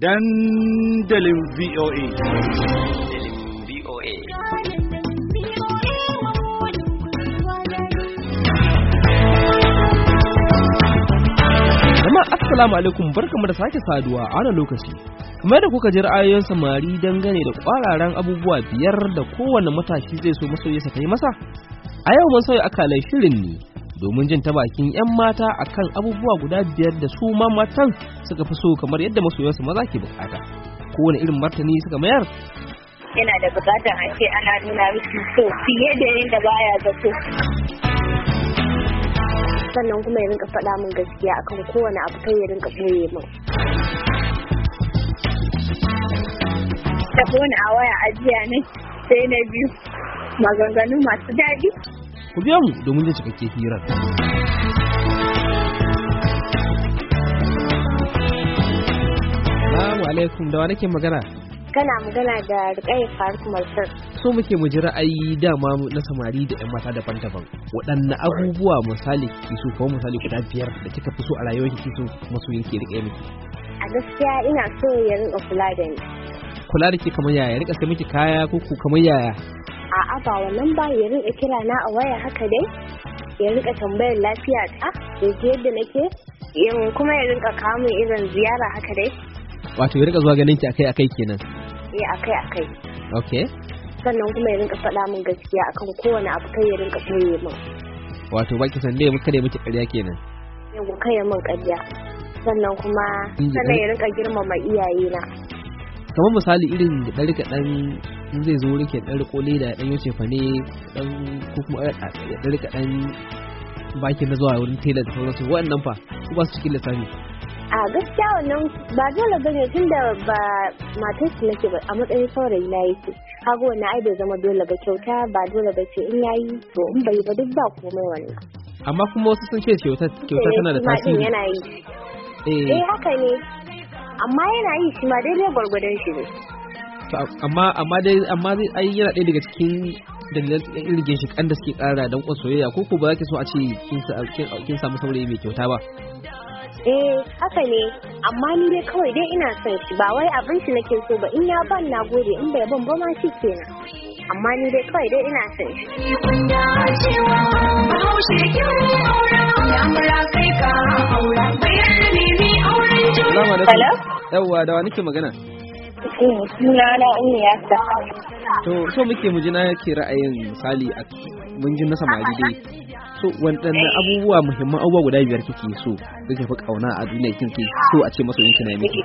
dandalin VOA. Dandalin VOA. Jama'a Assalamu alaikum barkamu da sake saduwa a wani lokaci. Kamar da kuka ji ra'ayoyin samari dangane da kwararan abubuwa biyar da kowane matashi zai so masoyinsa sa yi masa? A yau mun sauya akalai shirin ne domin jin ta bakin 'yan mata akan abubuwa guda biyar da su ma matan suka fi so kamar yadda masoyansu maza ke bukata kowane irin martani suka mayar yana da bukatar a ce ana nuna miki so fiye da yadda baya zato sannan kuma ya rinka faɗa min gaskiya akan kowane abu kai ya rinka ɓoye min ta a waya ajiya ne sai na biyu maganganu masu daɗi ku biya mu domin zai cikakke hirar. Salamu alaikum da wa nake magana? Kana magana da Rukai Faruk Mansur. So muke mu ji ra'ayi dama na samari da 'yan mata daban-daban. Waɗanne abubuwa misali ki so kuma misali guda biyar da kika fi so a rayuwar ki so masoyin ki rike miki. A gaskiya ina so ya rinka kula da ni. Kula da ke kamar yaya, rika sai miki kaya ko ku kamar yaya? a'a ba wannan ba ya rinka kira na a waya haka dai ya rinka tambayar lafiya ta da ke yadda nake kuma ya rinka kawo irin ziyara haka dai wato ya rinka zuwa ganin ki akai akai kenan eh akai akai okay sannan kuma ya rinka faɗa min gaskiya akan kowane abu kai ya rinka koye min wato baki san dai muka ya miki ƙarya kenan yau kai min ƙarya sannan kuma sannan ya rinka girmama iyayena kamar misali irin da ɗari kaɗan zai zo wurin ke ɗari kole da ɗan yace fa ne ɗan ko kuma ɗari kaɗan baki na zuwa wurin tailor da sauransu waɗannan fa su ba su cikin lissafi. a gaskiya wannan ba dole ba ne tun da ba matar su nake ba a matsayin saurayi na yi ce hagu wannan ai bai zama dole ba kyauta ba dole ba ce in yi to in bai ba duk ba komai wannan. amma kuma wasu sun ce kyauta tana da eh, tasiri. Eh. eh haka ne amma yana yi shi ma daidai gwargwadon shi ne amma amma dai amma dai ai yana ɗaya daga cikin dalilan shi kan da suke ƙara dan ƙwan soyayya ko ko ba za ki so a ce kin samu saurayi mai kyauta ba eh haka ne amma ni dai kawai dai ina son shi ba wai abin shi nake so ba in ya ban na gode in bai ban ba ma shi kenan amma ni dai kawai dai ina son shi Salamu alaikum. Yawwa da wa nake magana? Suna na Ummi Yasa. To so muke mu ji na ke ra'ayin misali a mun ji na samari dai. So waɗanne eh. abubuwa muhimman abubuwa guda biyar kike so kike fi kauna a duniya kin ke so a ce masa yanki yi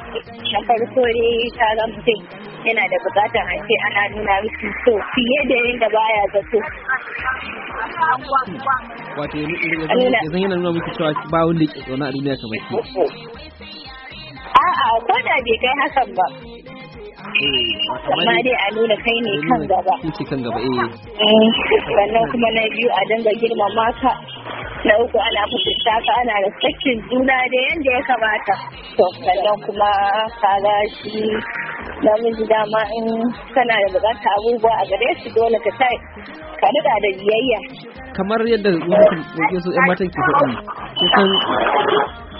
Na farko dai ta ga mutum yana da bukatar a ce ana nuna miki so fiye da yadda baya zato. Wato yanzu yana nuna miki cewa ba wanda yake kauna a duniya kamar ki. ko da bai kai hakan ba eh, amma dai a nuna kai ne kan gaba kan gaba eh. eh sannan kuma na biyu a dinga girmama ka na uku ana fuskuta ka ana da sakin juna da yadda ya kamata to sannan kuma kaga shi namiji dama in kana da bukata abubuwa a gare su dole ka ta ka da da biyayya kamar yadda yi wasu 'yan matan ke faɗi kusan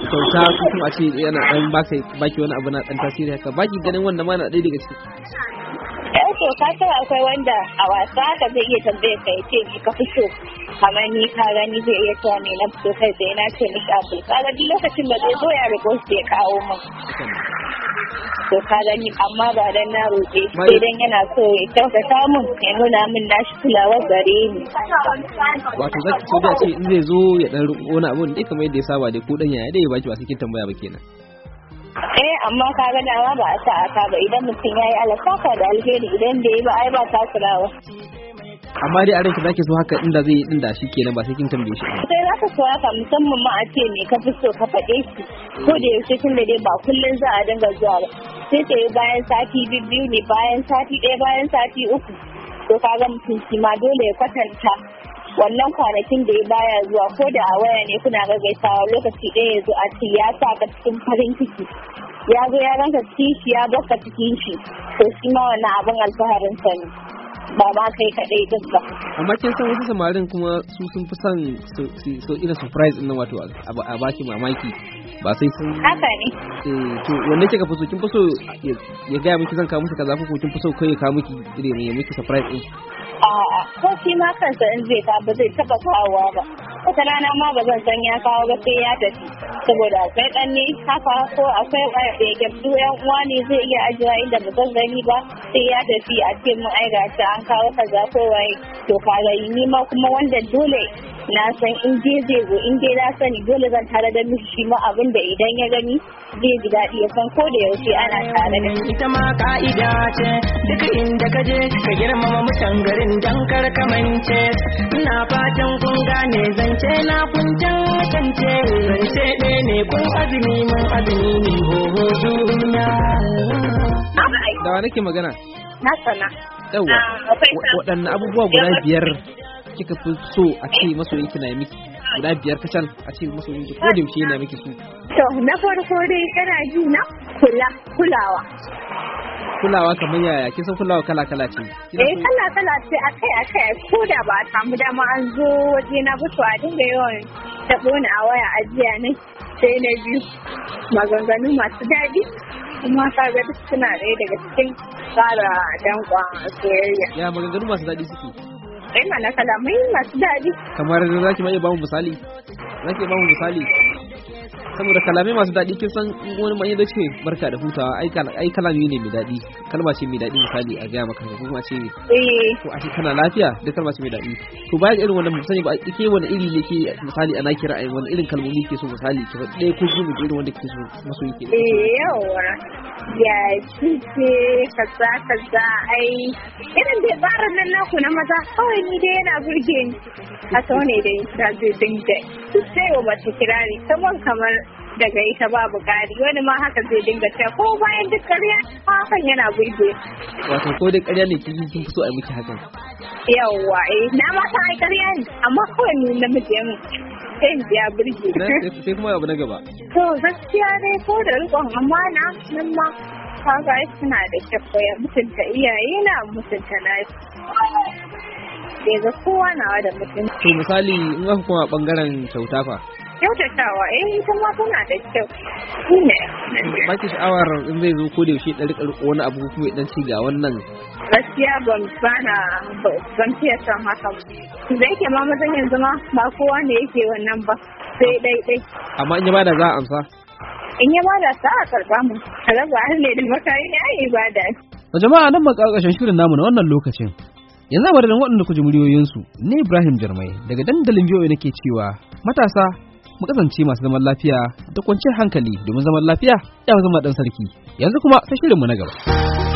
kyauta ko kuma a ce yana dan baka baki wani abu na dan tasiri haka baki ganin wanda ma na ɗaya daga ciki ɗan so eh, ka akwai wanda a wasa ka zai iya tambaye ka ce ni ka fi so kamar ni ka gani zai iya cewa ne na fito kai sai na ce mishi abu kaga lokacin da zai zo ya su ya kawo min to ka gani amma ba dan na roƙe sai dan yana so ya kyautata samu ya nuna min nashi kulawar gare ni wato zaki so da ce in zai zo ya dan wani abu ne kamar yadda ya saba dai ko dan yaya dai ya baki ba sai kin tambaya ba kenan eh amma ka ga dama ba a sa aka ba idan mutum yayi alaka da alheri idan bai ba ai ba ta kulawa amma dai a ranki zaki so haka inda zai din da shi kenan ba sai kin tambaye shi sai za ka soya ka musamman ma a ce me ka fi so ka faɗe shi ko da yaushe tun da dai ba kullum za a dinga zuwa ba sai ta yi bayan sati biyu ne bayan sati ɗaya bayan sati uku to ka ga mutum shi ma dole ya kwatanta wannan kwanakin da ya baya zuwa ko da a waya ne kuna ga gaisawa lokaci ɗaya ya zo a ce ya sa ka cikin farin ciki ya zo ya ranka cikin shi ya baka cikin shi to shi ma wannan abin alfaharin sani. ba ba kai kaɗai duk ba. Amma kin san wasu samarin kuma su sun fi son so irin surprise ɗin wato a baki mamaki ba sai sun haka ne eh to wanda kika fi so kin fi so ya gaya miki zan kawo miki kaza ko kin fi so kai ya kawo miki irin ya miki surprise ɗin. A ko shi ma kansa in zai ta ba zai taɓa kawowa ba. wata rana ma ba zan san ya kawo ba sai ya tafi saboda akwai ne haka ko akwai wani da yake su yan uwa ne zai iya ajiya inda ba zan gani ba sai ya tafi a ce mu ai an kawo kaza ko wai to kaga ni ma kuma wanda dole na san in je zai zo in je na sani dole zan tare da mishi shi ma abin da idan ya gani zai ji daɗi ya san ko da yaushe ana tare da shi. Ita ma ka'ida ce duk inda ka je ka girmama mutan garin dan kar ka mance. Ina fatan kun gane zance na kun tantance zance ɗaya ne kun azumi mun azumi ne hoho duniya. Da wa nake magana? Na sana. Yawwa, ah, waɗanne abubuwa guda biyar kika fi so a ce masoyin ki na yi miki guda biyar kacal a ce masoyin ki ko da na yana miki su to na farko dai kana ji na kula kulawa kulawa kamar yaya kin san kulawa kala kala ce eh kala kala ce a kai-a kai, ko da ba a samu dama an zo waje na fito a dinga yawan tabo ni a waya ajiya ne sai na biyu maganganu masu daɗi kuma ga duk suna ɗaya daga cikin tsara danƙwa soyayya ya maganganu masu daɗi suke akwai mana kalamai masu daɗi. Kamar za ki ma iya bamu misali? Za ki iya bamu misali? saboda kalamai masu daɗi kin san wani manyan da ce barka da hutawa ai kalami ne mai daɗi kalma ce mai daɗi misali a gaya maka ko kuma ce ko eh. a kana lafiya da kalma ce mai daɗi to bayan irin wannan musani ba ke wani iri ne ke misali ana kira ai wani irin kalmomi ke so misali ke fa ɗaya ko biyu irin wanda ke so maso yake eh yawa ya kike kaza kaza ai irin da tsarin nan naku na maza kawai ni dai yana burge ni a ne dai ta zai dinga sai wa mace kirari saman kamar daga ita babu bukari wani ma haka zai dinga cewa ko bayan duk ƙarya hakan yana burge wato ko da ƙarya ne kiji sun fi so a miki hakan yawwa eh na ma ta ai ƙarya ne amma kawai ni namiji ya mun sai ya burge sai kuma abu na gaba to gaskiya dai ko da riƙon na nan ma kaga suna da ya mutunta iyaye na mutunta nasu ga kowa nawa da mutum? To misali in aka kuma bangaren kyauta fa. kyautatawa eh ita ma tana da kyau shine ba ki sha'awar in zai zo ko da yaushe dan rika wani abu kuma dan ci ga wannan gaskiya ban bana ban fiye san haka da yake ma mazan yanzu ma ba kowa ne yake wannan ba sai dai dai amma in ya bada za a amsa in ya bada sa a karba mu a raba har ne da makarin ya yi a jama'a nan makarkashin shirin namu na wannan lokacin yanzu a madadin waɗanda ku ji muryoyinsu ne ibrahim jarmai daga dandalin ne ke cewa matasa mu kasance masu zaman lafiya da kwanciyar hankali domin zaman lafiya ya zama dan sarki yanzu kuma sai shirinmu na gaba